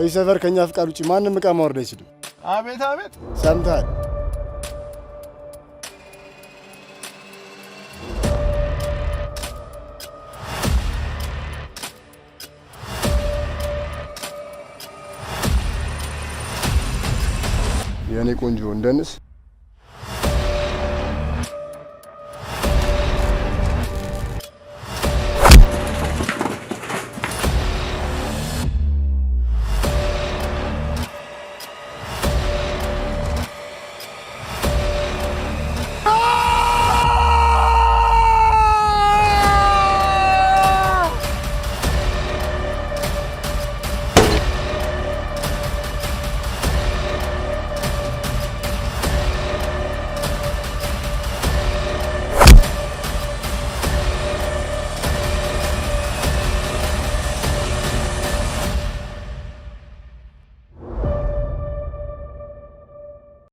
እዚህ ሰፈር ከኛ ፍቃድ ውጭ ማንም እቃ ማውረድ አይችልም። አቤት አቤት፣ ሰምተሃል? የእኔ ቆንጆ እንደንስ